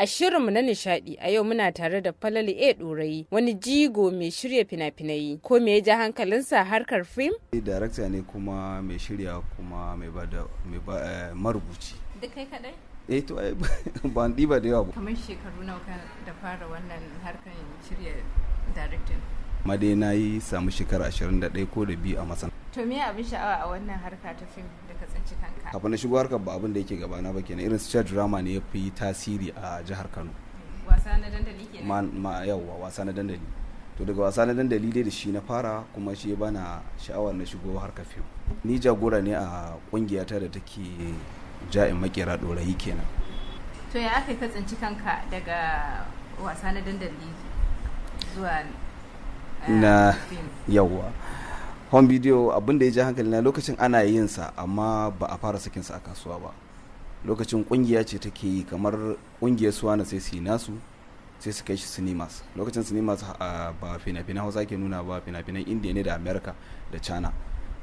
A shirinmu na nishaɗi a yau muna tare da Falali A Ɗorayi wani jigo mai shirya fina-finai ko me ya ja hankalinsa harkar fim? Darakta ne kuma mai shirya kuma mai da eh, marubuci. Duk kai kaɗai? eh to ɗi ba da yawa ba. Kamar shekaru nawa ka da fara wannan harkar shirya directing? madai na yi samu shekara 21 ko da biyu a masana. to me abin sha'awa a wannan harka ta fim da ka tsinci kanka kafin na shigo harkar ba abin da yake gabana ba kenan irin su drama ne ya fi tasiri a jihar kano wasa na dandali kenan ma yawa wasa na dandali to daga wasa na dandali dai da shi na fara kuma shi bana sha'awar na shigo harkar fim ni jagora ne a kungiyata da take ja'in makera dorayi kenan to ya aka ka tsinci kanka daga wasa na dandali zuwa eh, na yawa home video abin da ya ji hankali na lokacin ana yin sa amma ba a fara sakin sa a kasuwa ba lokacin kungiya ce take yi kamar kungiyar na sai su yi nasu sai su kai shi cinemas lokacin cinemas ba fina-finan hausa ke nuna ba fina-finan india ne da america da china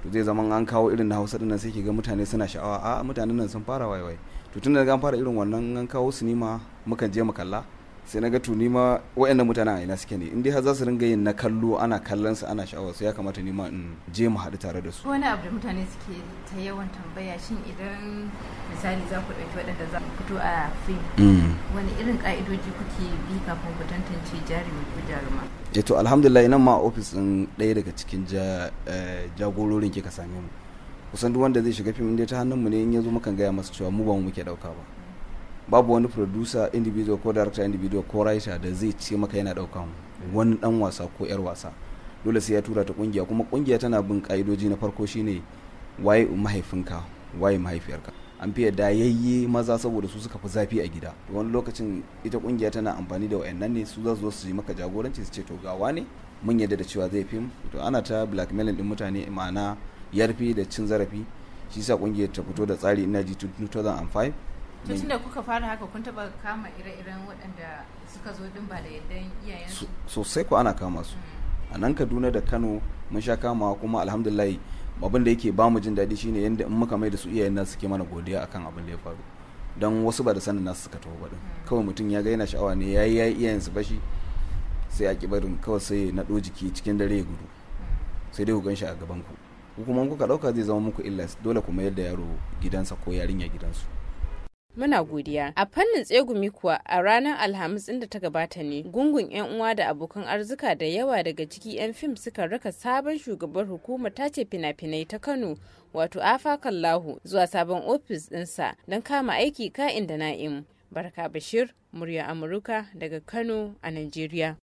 to zai zama an kawo irin na hausa dinnan sai ke ga mutane suna sha'awa a mutanen nan sun fara waiwai to tun da an fara irin wannan an kawo sinima mukan je mu kalla sai na ga tuni ma waɗannan mutane a ina suke ne in dai har za su ringa yin na kallo ana kallon su ana sha'awar su ya kamata ma in je mu haɗu tare da su wani abu da mutane suke ta yawan tambaya shin idan misali za ku ɗauki waɗanda za ku fito a fim mm. wani irin ƙa'idoji kuke bi kafin ku tantance jarumi ko jaruma eh to alhamdulillah nan ma ofis ɗin ɗaya daga cikin eh, jagororin kika same mu kusan duk wanda zai shiga fim ɗin ta hannun mu ne in ya zo mukan gaya masa cewa mu ba mu muke ɗauka ba babu wani producer individual ko director individual ko writer da zai ce maka yana daukan wani dan wasa ko yar wasa dole sai ya tura ta kungiya kuma kungiya tana bin ka'idoji na farko shine waye mahaifinka waye mahaifiyarka an fi yadda yayye maza saboda su suka fi zafi a gida wani lokacin ita kungiya tana amfani da wayannan ne su za su zo su yi maka jagoranci su ce to gawa ne mun yadda da cewa zai fim to ana ta blackmailing din mutane ma'ana yarfi da cin zarafi shi sa kungiyar ta fito da tsari ina ji 2005 to tun da kuka fara haka kun taba kama ire-iren waɗanda suka zo din ba da yadda iyayensu sosai ko ana kama su hmm. a nan kaduna da kano mun sha kamawa kuma alhamdulillah abin da yake bamu jin daɗi shine yadda in muka mai da su iyayen nasu suke mana godiya akan abin da ya faru don wasu ba da sanin nasu suka taho ba hmm. kawai mutum ya ga yana sha'awa ne ya yi iyayen su bashi sai a kibarin kawai sai na ɗo jiki cikin dare ya gudu hmm. sai dai ku gan shi a gaban ku kuma kuka ɗauka zai zama muku illa dole ku mayar da yaro gidansa ko yarinya gidansu Muna godiya. A fannin tsegumi kuwa a ranar Alhamis inda ta gabata ne gungun 'yan uwa da abokan arzika da yawa daga ciki 'yan fim suka raka sabon shugaban hukumar tace fina-finai ta Kano wato Afa Kallahu zuwa sabon ofis ɗinsa don kama aiki ka'in da na'im. Barka Bashir, murya Amurka daga Kano a nigeria.